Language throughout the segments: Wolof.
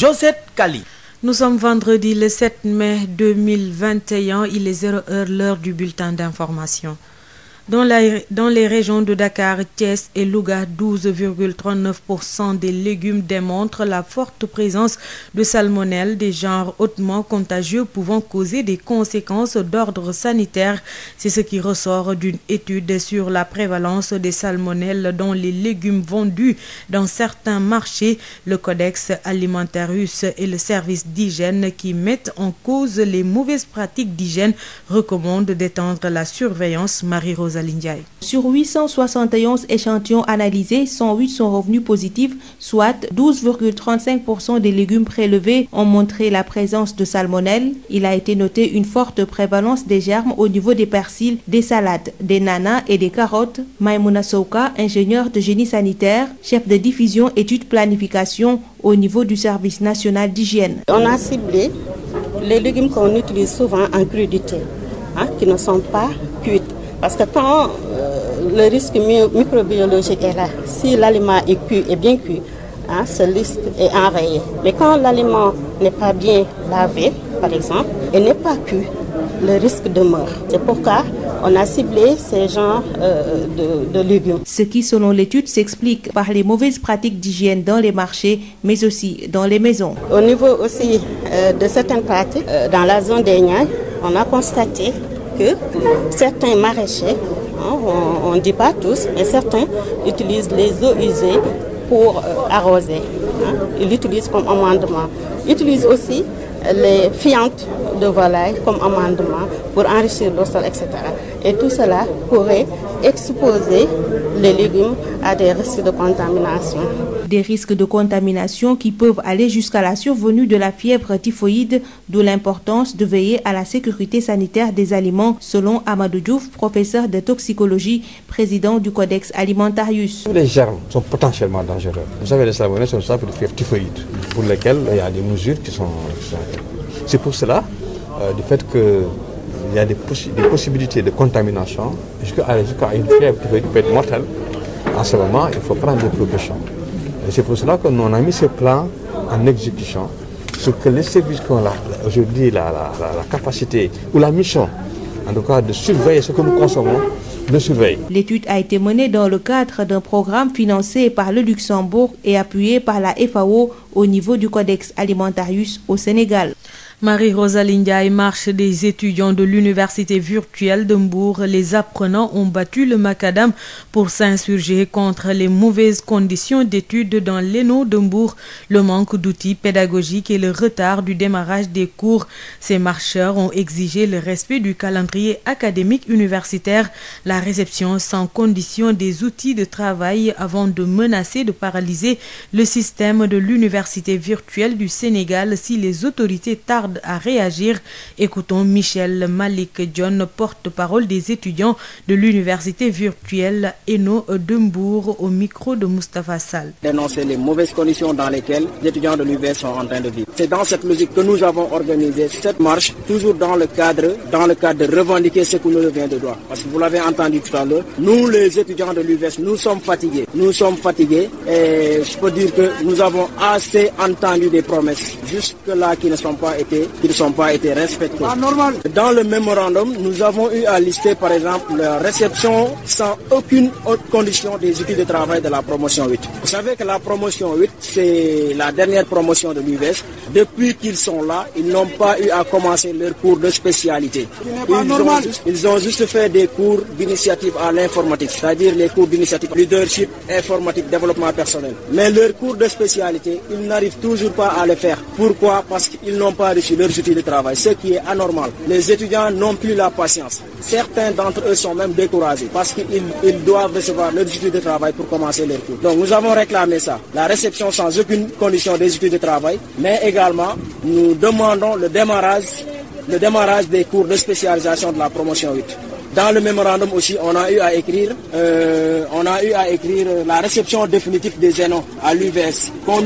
Josette Kali. Nous sommes vendredi le 7 mai 2021, il est 0 heure l'heure du bulletin d'information. Dans, la, les régions de Dakar, ties et Louga, 12,39% des légumes démontrent la forte présence de salmonelle, des genres hautement contagieux pouvant causer des conséquences d'ordre sanitaire. C'est ce qui ressort d'une étude sur la prévalence des salmonelles dans les légumes vendus dans certains marchés. Le Codex Alimentarius et le service d'hygiène qui mettent en cause les mauvaises pratiques d'hygiène recommandent d'étendre la surveillance marie Ndiaye. Sur 871 échantillons analysés, 108 sont revenus positifs, soit 12,35% des légumes prélevés ont montré la présence de salmonelle. Il a été noté une forte prévalence des germes au niveau des persils, des salades, des nanas et des carottes. Maimouna Souka, ingénieur de génie sanitaire, chef de diffusion études planification au niveau du service national d'hygiène. a ciblé les légumes qu'on utilise souvent en crudité, qui ne sont pas Parce que quand euh, le risque microbiologique est là, si l'aliment est cuit et bien cuit, hein, ce risque est enrayé. Mais quand l'aliment n'est pas bien lavé, par exemple, et n'est pas cuit, le risque demeure. C'est pourquoi on a ciblé ces genres euh, de, de, légumes. Ce qui, selon l'étude, s'explique par les mauvaises pratiques d'hygiène dans les marchés, mais aussi dans les maisons. Au niveau aussi euh, de certaines pratiques, euh, dans la zone des Niailles, on a constaté que certains maraîchers, hein, on ne dit pas tous, mais certains utilisent les eaux usées pour euh, arroser. Hein. Ils l'utilisent comme amendement. Ils utilisent aussi les fientes de volaille comme amendement pour enrichir le sol, etc. Et tout cela pourrait exposer les légumes à des risques de contamination. Des risques de contamination qui peuvent aller jusqu'à la survenue de la fièvre typhoïde, d'où l'importance de veiller à la sécurité sanitaire des aliments, selon Amadou Diouf, professeur de toxicologie, président du Codex Alimentarius. Tous les germes sont potentiellement dangereux. Vous savez, les fièvres typhoïdes, pour lesquelles il y a des mesures qui sont... C'est Euh, du fait qu'il y a des, possi des, possibilités de contamination jusqu'à jusqu une fièvre qui peut, qui peut, en ce moment, il faut prendre des précautions. Et c'est pour cela que nous a mis ce plan en exécution pour que la, capacité ou la mission, en tout cas, de surveiller ce que nous consommons, L'étude a été menée dans le cadre d'un programme financé par le Luxembourg et appuyé par la FAO au niveau du Codex Alimentarius au Sénégal. Marie-Rosalie Ndiaye marche des étudiants de l'université virtuelle de Mbour. Les apprenants ont battu le macadam pour s'insurger contre les mauvaises conditions d'études dans l'ENO de Mbour, le manque d'outils pédagogiques et le retard du démarrage des cours. Ces marcheurs ont exigé le respect du calendrier académique universitaire, la réception sans condition des outils de travail avant de menacer de paralyser le système de l'université virtuelle du Sénégal si les autorités tarde à réagir. Écoutons Michel Malik John, porte-parole des étudiants de l'université virtuelle Eno de Mbourg, au micro de Moustapha Sall. Dénoncer les mauvaises conditions dans lesquelles les étudiants de l'UVS sont en train de vivre. C'est dans cette logique que nous avons organisé cette marche, toujours dans le cadre, dans le cadre de revendiquer ce que nous devons de que vous l'avez entendu tout à l'heure, nous les de l'UVS, nous sommes fatigués. et je peux dire que nous avons assez respectés, qui ne sont pas été Dans le mémorandum, nous avons eu à lister par exemple la réception sans aucune autre condition des outils de travail de la promotion 8. Vous savez que la promotion c'est la dernière promotion de l'UVS. Depuis qu'ils sont là, ils n'ont pas eu à commencer leur cours de spécialité. Ils ont, juste, fait des cours d'initiative à l'informatique, c'est-à-dire les cours d'initiative leadership, informatique, développement personnel. Mais leurs cours de spécialité, ils n'arrivent toujours pas à le faire. leur journée de travail, ce qui est anormal. Les étudiants n'ont plus la patience. Certains d'entre eux sont même découragés parce qu'ils ils doivent recevoir leur journée de travail pour commencer leur cours. Donc nous avons réclamé ça, la réception sans aucune condition des études de travail, mais également nous demandons le démarrage, des cours de spécialisation de la promotion 8. Dans le mémorandum aussi, on a eu à écrire, euh, on a eu à la réception définitive des énons à l'UVS, qu'on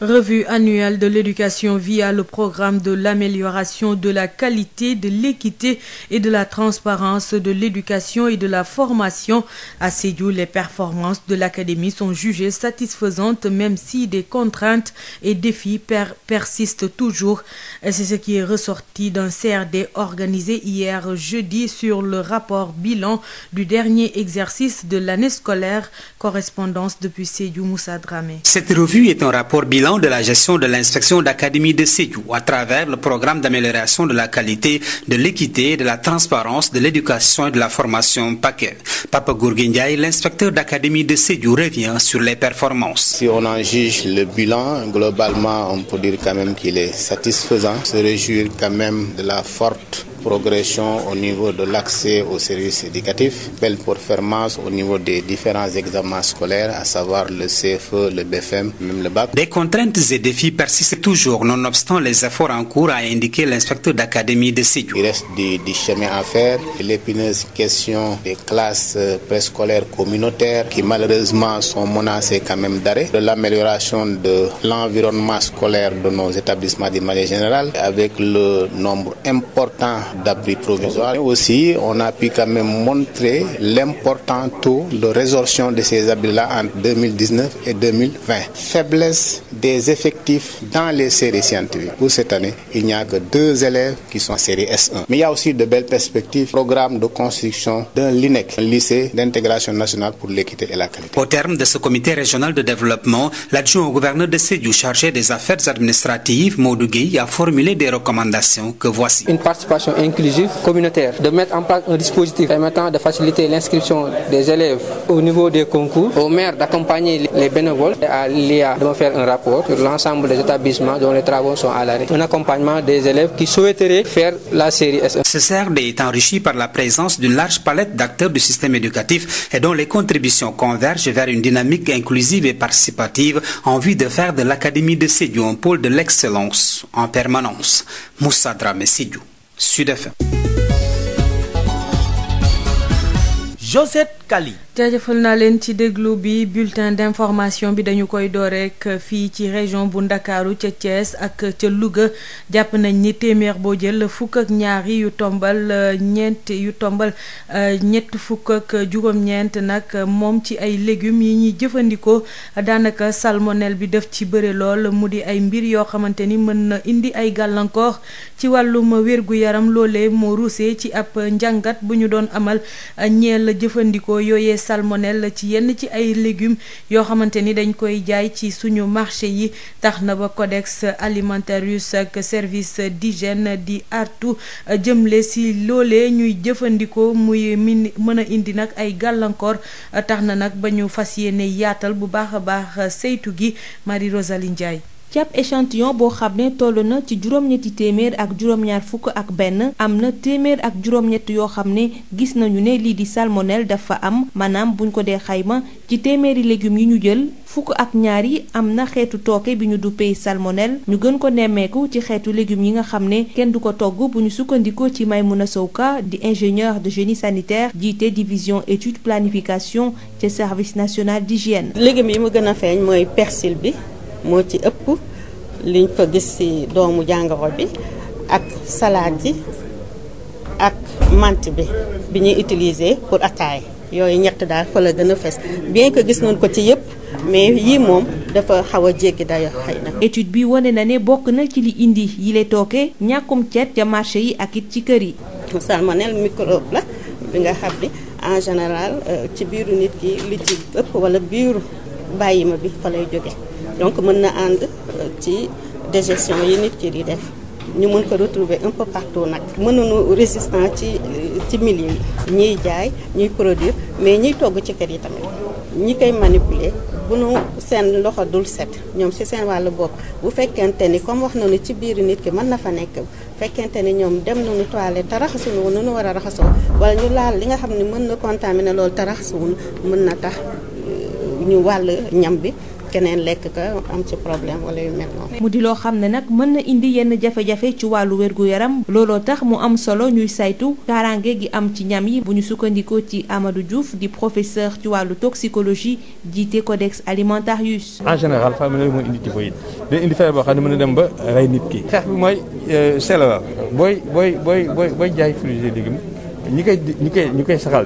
Revue annuelle de l'éducation via le programme de l'amélioration de la qualité, de l'équité et de la transparence de l'éducation et de la formation. À Sédhiou, les performances de l'académie sont jugées satisfaisantes même si des contraintes et défis per persistent toujours. C'est ce qui est ressorti d'un CRD organisé hier jeudi sur le rapport bilan du dernier exercice de l'année scolaire. Correspondance depuis Sédhiou, Moussa Dramé. Cette revue est un rapport bilan de la gestion de l'inspection d'académie de Sédhiou à travers le programme d'amélioration de la qualité, de l'équité, de la transparence, de l'éducation et de la formation paquet. Papa Gourguindiaï, l'inspecteur d'académie de Sédhiou, revient sur les performances. Si on en juge le bilan, globalement, on peut dire qu'il est satisfaisant. Se réjouir quand même de la forte progression au niveau de l'accès aux services éducatifs, belle performance au niveau des différents examens scolaires, à savoir le CFE, le BFM, même le BAC. Des contraintes et défis persistent toujours, nonobstant les efforts en cours, a indiqué l'inspecteur d'académie de Sidiou. Il reste du, du, chemin à faire. L'épineuse question des classes euh, préscolaires communautaires qui malheureusement sont menacées quand même d'arrêt, de l'amélioration de l'environnement scolaire de nos établissements d'une manière générale, avec le nombre important d'abri provisoire. Et aussi, on a pu quand même montrer l'important taux de résorption de ces abris-là entre 2019 et 2020. Faiblesse des effectifs dans les séries scientifiques. Pour cette année, il n'y a que deux élèves qui sont en série S1. Mais il y a aussi de belles perspectives. Programme de construction d'un LINEC, un lycée d'intégration nationale pour l'équité et la qualité. Au terme de ce comité régional de développement, l'adjoint au gouverneur de des affaires administratives, a formulé des recommandations que voici. Une participation inclusif communautaire, de mettre en place un dispositif permettant de faciliter l'inscription des élèves au niveau des concours, au maire d'accompagner les bénévoles et à l'IA de me faire un rapport sur l'ensemble des établissements dont les travaux sont à l'arrêt. Un accompagnement des élèves qui souhaiteraient faire la série S1. Ce CRD est enrichi par la présence d'une large palette d'acteurs du système éducatif et dont les contributions convergent de faire de l'Académie de Sédiou un Sud FM Josette Kali. jaajëfal naa leen ci déglu bi bulletin d'information bi dañu koy dooreek fii ci région bu Ndakaaru ca Thiès ak ca Louga jàpp nañ ni téeméer boo jël fukk ak ñaari yu tombal ñeent yu tombal ñett fukk nag moom ci ay légumes yi ñuy jëfandikoo daanaka salmonelle bi def ci bëre lool mu di ay mbir yoo xamante ni mën na indi ay gàllankoor ci wàllum wér gu yaram loolee moo ruusee ci ab njàngat bu ñu doon amal ñeel jëfandikoo. yooyee salmonelle ci yenn ci ay légumes yoo xamante ni dañ koy jaay ci suñu marché yi tax na ba codex alimentarius ak service d'hygiène di artu euh, jëmle si loolee ñuy jëfandikoo muy min mën a indi nag ay gàllankoor euh, tax na nag ba ñu fas yéene yaatal bu baax a baax euh, saytu gi Marie Rosaline Ndiaye ci ab échantillon boo xam ne toll na ci juróom-ñetti téeméer ak juróom-ñaar fukk ak benn am na téeméer ak juróom-ñett yoo xam ne gis nañu ne lii di salmonelle dafa am maanaam buñ ko dee xayma ci téeméeri légumes yi ñu jël fukk ak ñaar yi am na xeetu tooke bi ñu duppee salmonelle ñu gën ko nemmeeku ci xeetu légumes yi nga xam ne kenn du ko togg bu ñu sukkandikoo ci may Maimouna Sowka di ingénieur de génie sanitaire jiite division étude planification ca service national d'hygiène légumes yi mu gën a feeñ mooy persil bi moo ci ëpp liñ fa gis ci doomu jàngoro bi ak salaat ji ak mante bi bi ñuy utiliser pour ataay yooyu ñett daal fa la gën a fees bien que gis nañ ko ci yëpp mais yii moom dafa xaw a jéggi dayo xëy na. étude bi wane na ne bokk na ci li indi yile tooke ñàkkum ceet ca marché yi ak it ci kër yi. salmonelle microbe la bi nga xam ni en général euh, ci biiru nit ki li ci ëpp wala biiru bàyyima bi fa lay jóge donc mën na ànd euh, ci dégestion yi nit ki di def ñu mën ko retrouver un peu partout nag mënuñu résistant ci euh, ci milieu yi ñuy jaay ñuy produire mais ñiy togg ci kër yi tamit ñi koy manipuler bu nu seen loxo dul set ñoom ci seen wàllu bopp bu fekkente ni comme wax nañu ci biir nit ki mën na fa nekk fekkente ni ñoom dem nañu toilette te raxasuñu nu nu war a raxasoo wala ñu laal li nga xam ne mën na contaminer loolu te raxasuñu mën na tax euh, ñu wàll ñam bi keneen lekk ko am ci problème wala yu mel noonu. mu di loo xam ne nag mën na indi yenn jafe-jafe ci wàllu wér yaram looloo tax mu am solo ñuy saytu kaaraange gi am ci ñam yi bu ñu sukkandikoo ci amadu Diouf di professeur ci wàllu toxicologie jiite codex alimentarius. en général famille yooyu mooy indi jëfoo yi day boo xam ne mën na dem ba rey nit ki. xeex bi mooy sell euh, la booy booy booy booy jaay fruits et légumes ñi koy ñi koy ñi koy saxal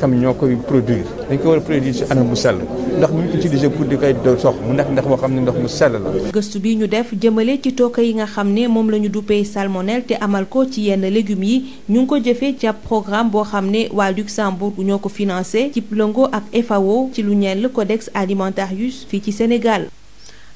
xam ñoo koy produire dañ ko war a produire si anam bu sell ndox mu ñu utiliser pour di koy do sox mu nekk ndax moo xam ne ndox mu sell la gëstu bi ñu def jëmale ci tooke yi nga xam ne moom la ñu duppee salmonelle te amal ko ci yenn légumes yi ñu ngi ko jëfee ci ab programme boo xam ne waa Luxembourg ñoo ko financé ci lëngoo ak FAO ci lu ñeel Codex Alimentarius fii ci Sénégal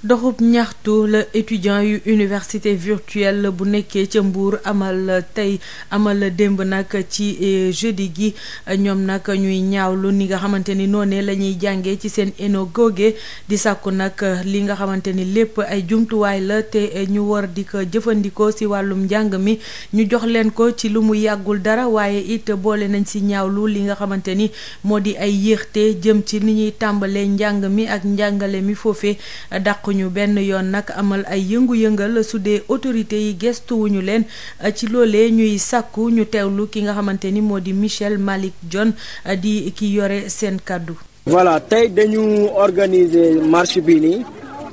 doxub ñaxtu la étudiant yu université virtuelle bu nekkee ca Mbour amal tey amal démb nag ci eh, jeudi gi ñoom nag ñuy ñaawlu ni nga xamante ni noone la ñuy jàngee ci seen eno googe di sàkku nag li nga xamante ni lépp ay jumtuwaay la te ñu war di ko jëfandikoo si wàllum njàng mi ñu jox leen ko ci lu mu yàggul dara waaye it boole nañ si ñaawlu li nga xamante ni moo di ay yéexte jëm ci ni ñuy tàmbalee njàng mi ak njàngale mi foofe dàq ñu benn yoon nag amal ay yëngu-yëngal su dee autorité yi gestuwuñu leen eh, ci loolee ñuy sàkku ñu teewlu ki nga xamante ni moo di Michel Malick John eh, di ki yore seen kàddu voilà tey dañu organiser marche bi nii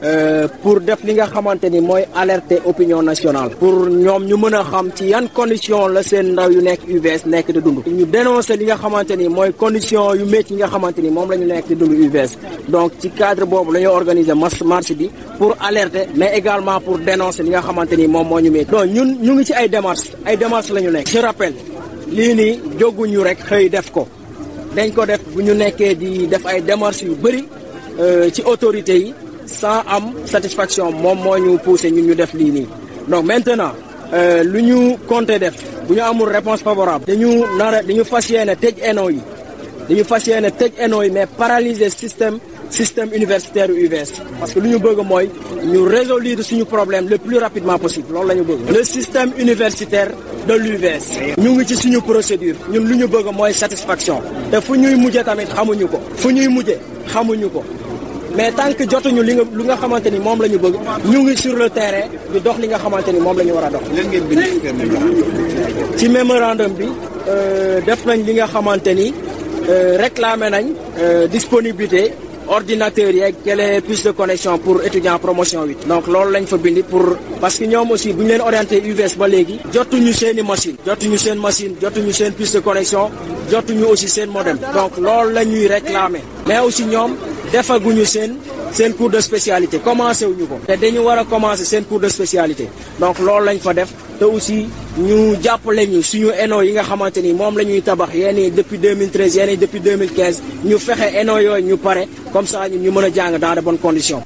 Euh, pour def li nga xamante ni mooy alerter opinion nationale pour ñoom ñu mën a xam ci yan condition la seen ndaw yu nekk UVS nekk di dund ñu dénoncer li nga xamante ni mooy condition yu métti yi nga xamante ni moom la ñu nekk di dund UVS donc ci cadre boobu la ñu organiser marche bi pour alerte mais également pour dénoncer li nga xamante ni moom moo ñu métti donc ñun ñu ngi ci ay démarches ay démarches la ñu nekk je rappelle lii nii jóguñu rek xëy def ko dañ ko def bu ñu nekkee di def ay démarches yu bëri euh, ci autorités yi sans am satisfaction moom moo ñu poussé ñun ñu def lii nii donc maintenant euh, lu ñu compté def bu ñu amul réponse favorable dañu nar a dañu fas yéene tëj ENO yi dañu fas yéene tëj ENO yi mais paralyser système système universitaire UVS parce que lu ñu bëgg mooy ñu résoudre suñu problème le plus rapidement possible loolu la ñu bëgg le système universitaire de l'UVS ñu ngi ci suñu procédure ñun lu ñu bëgg mooy satisfaction te fu ñuy mujje tamit xamuñu ko fu ñuy mujje xamuñu ko mais tant que jotuñu li nga li nga xamante ni moom la ñu bëgg ñu ngi sur le terrain di dox li nga xamante ni moom lañu ñu war a dox. ci mémorandum bi euh, def nañ li nga xamante ni euh, réclamé nañ euh, disponibilité ordinateur yeeg les puces de connexion pour étudiant promotion 8. donc loolu lañ fa bindi pour parce que ñoom aussi bu ñu leen orienté UVS ba léegi. jotuñu seeni i machine jotuñu seen machine jotuñu seen puce de connexion jotuñu aussi seen modem. donc loolu la ñuy réclamer mais aussi ñoom. defaguñu seen seen cours de spécialité commencé wuñu ko. te dañu war a commencé seen cours de spécialité donc loolu lañ fa def te aussi ñu jàppale ñu suñu ENO yi nga xamante ni moom la ñuy tabax yenn depuis 2013 yenn yi depuis 2015 ñu fexe ENO yooyu ñu pare comme ça ñu mën a jàng dans de bonnes conditions.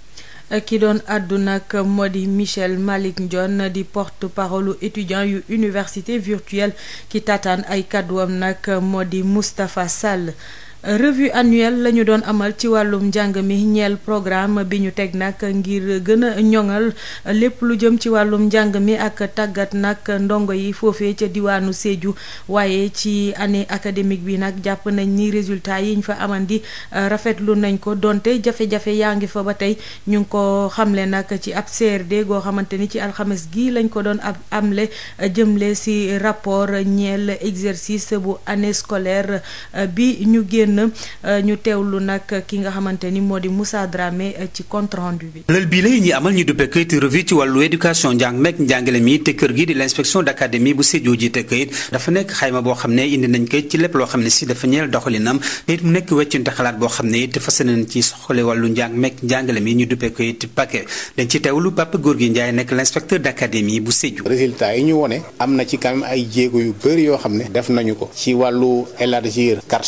ki doon àddu nag moo di Michel Malick Ndione di porte parole étudiant yu université virtuelle ki tataan ay kàdduwam nag moo di Moustapha Sall. revue annuelle la ñu doon amal ci wàllum njàng mi ñeel programme bi ñu teg nag ngir gën a ñoŋal lépp lu jëm ci wàllum njàng mi ak tàggat nag ndongo yi foofee ca diwaanu Sédhiou waaye ci année académique bi nag jàpp nañ ni résultat yi ñu fa amandi euh, rafetlu nañ ko donte jafe-jafe yaa ngi fa ba tey ñu ngi ko xamle nag ci ab CRD goo xamante ni ci alxames gi lañ ko doon ab amle euh, jëmle si rapport ñeel exercice bu année scolaire euh, bi ñu génn. génn euh, ñu teewlu nag ki nga xamante ni moo di Moussa Dramé euh, ci compte rendu bi. lël bii la ñuy amal ñu duppee kayit revue ci wàllu éducation njàng meeg njàngale mi te kër gi di l' inspection d' académie bu Sédhiou jiite kayit dafa nekk xayma boo xam ne indi nañ ko ci lépp loo xam ne si dafa ñeel doxalinam te it mu nekk weccante xalaat boo xam ne it fas nañ ci soxale wàllu njàng meeg njàngale mi ñu duppee kayit paquet dañ ci teewlu Papa Gorgui Ndiaye nekk l' inspecteur d' académie bu Sédhiou. résultat yi ñu wone am na ci quand ay jéego yu yoo xam ne def nañu ko ci wàllu élargir carte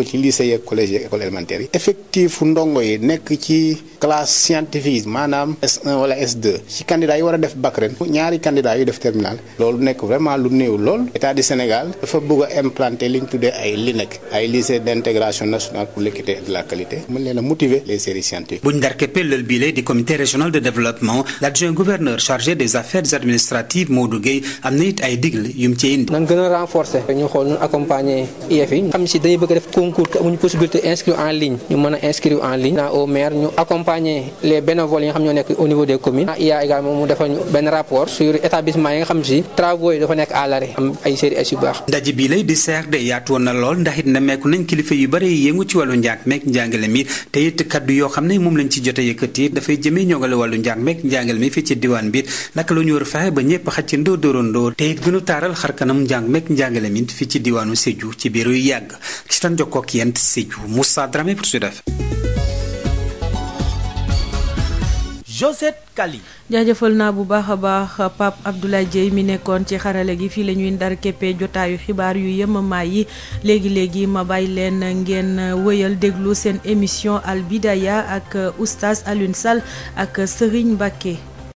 effective ci lycée yeeg collège yeeg école élémentaire yi effectif ndongo yi nekk ci classe scientifique maanaam s wala s ci candidat yi war a def bac ren ñaari candidat yu def terminal loolu nekk vraiment lu néew lool état du Sénégal dafa bëgg a implanter li ñu tuddee ay LINEC ay lycée d'intégration nationale pour l'équité de la qualité mën leen a motiver les séries scientifiques. bu ñu darkee pellel bile di comité régional de développement l'adjoint gouverneur chargé concours te amuñu possibilité inscrire en ligne ñu mën a inscrire en ligne naa au maire ñu accompagner les bénévoles yi nga xam ñoo nekk au niveau des communes naa IA également mu defal ñu benn rapport sur bii lay di CRD lool ndax it nemmeeku nañ kilifa yu bëri yi yëngu ci wàllu njàng meek njàngale mi te it yoo xam ne moom lañ ci jote yëkkati dafay jëmee ñoogale wàllu njàng meek njàngale mi fii ci diwaan bi naka la ñu war a fexe ba ñëpp xaj ci ndoo dóorandoo te it gënu taaral xarkanam njàng njàngale mi fii ci diwaanu Sédhiou ci biir yu yàgg kook yéen Sédhiou Moussa Dramé pour bu baax a baax Pape Abdoulaye Dieye mi nekkoon ci xarale gi fii lañuy ñuy ndar keppe jotaayu xibaar yu yemamaay yi léegi léegi ma bay leen ngeen woyal déglu seen émission Al ak oustaz Alioune Sall ak Serigne Mbacké